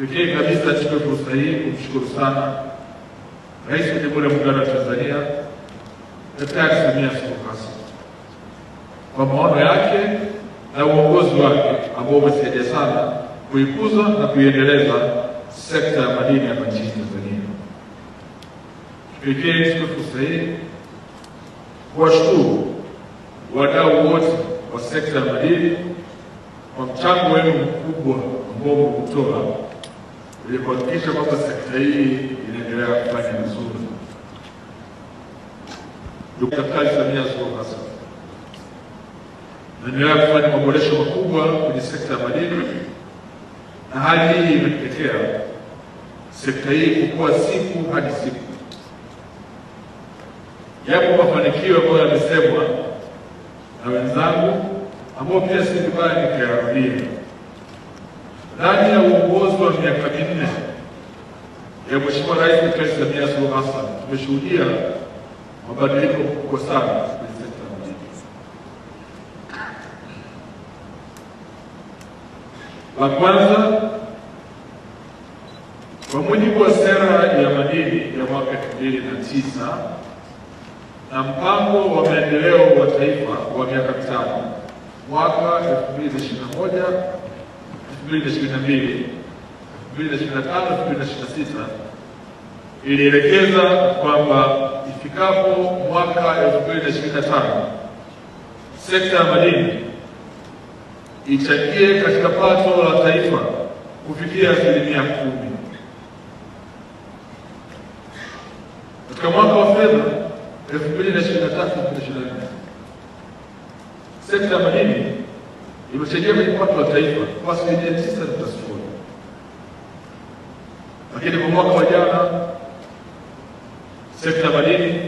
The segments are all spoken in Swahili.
Nitie kabisa nichukue fursa hii kumshukuru sana Rais wa Jamhuri ya Muungano wa Tanzania Daktari Samia Suluhu Hassan kwa maono yake na uongozi wake ambao umesaidia sana kuikuza na kuiendeleza sekta ya madini hapa nchini Tanzania. Pekee nichukue fursa hii kuwashukuru wadau wote wa sekta ya madini kwa mchango wenu mkubwa ambao mmeutoa ili kuhakikisha kwamba sekta hii inaendelea kufanya vizuri. Daktari Samia Suluhu Hassan naendelea kufanya maboresho makubwa kwenye sekta ya madini, na hali hii imepelekea sekta hii kukua siku hadi siku. Yapo mafanikio ambayo yamesemwa na wenzangu, ambayo pia si vibaya nikayarudia ndani ya uongozi wa miaka minne ya Mheshimiwa Rais Daktari Samia Suluhu Hassan tumeshuhudia mabadiliko makubwa sana kwenye sekta ya madini. La kwanza, kwa mujibu wa sera ya madini ya mwaka elfu mbili na tisa na mpango wa maendeleo wa taifa wa miaka mitano mwaka elfu mbili na ishirini na moja ilielekeza kwamba ifikapo mwaka 2025 sekta ya madini ichangie katika pato la taifa kufikia asilimia kumi. Katika mwaka wa fedha 2023 2024 sekta ya madini imesaidia kwenye watu wa taifa kwa asilimia tisa nukta sifuri, lakini kwa mwaka wa jana sekta madini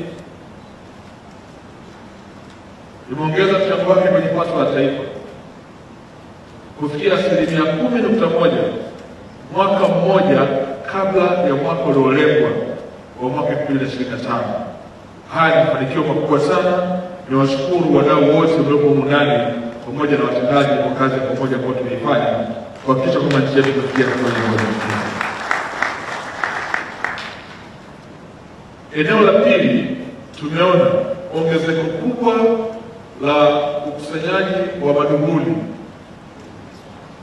imeongeza mchango wake kwenye pato la taifa kufikia asilimia kumi nukta moja mwaka mmoja kabla ya mwaka uliolengwa wa mwaka elfu mbili na ishirini na tano. Haya ni mafanikio makubwa sana. Niwashukuru wadau wote waliopo humu ndani pamoja na watendaji kwa kazi ya pamoja ambayo tumeifanya kuhakikisha kwamba nchi yetu imefikia hatua moja. Eneo la pili, tumeona ongezeko kubwa la ukusanyaji wa maduguli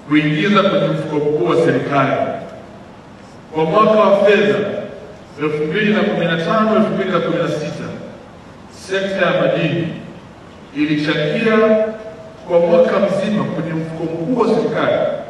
kuingiza kwenye mfuko mkuu wa serikali kwa mwaka wa fedha elfu mbili na kumi na tano elfu mbili na kumi na sita sekta ya madini ilichangia kwa mwaka mzima kwenye mfuko mkuu wa serikali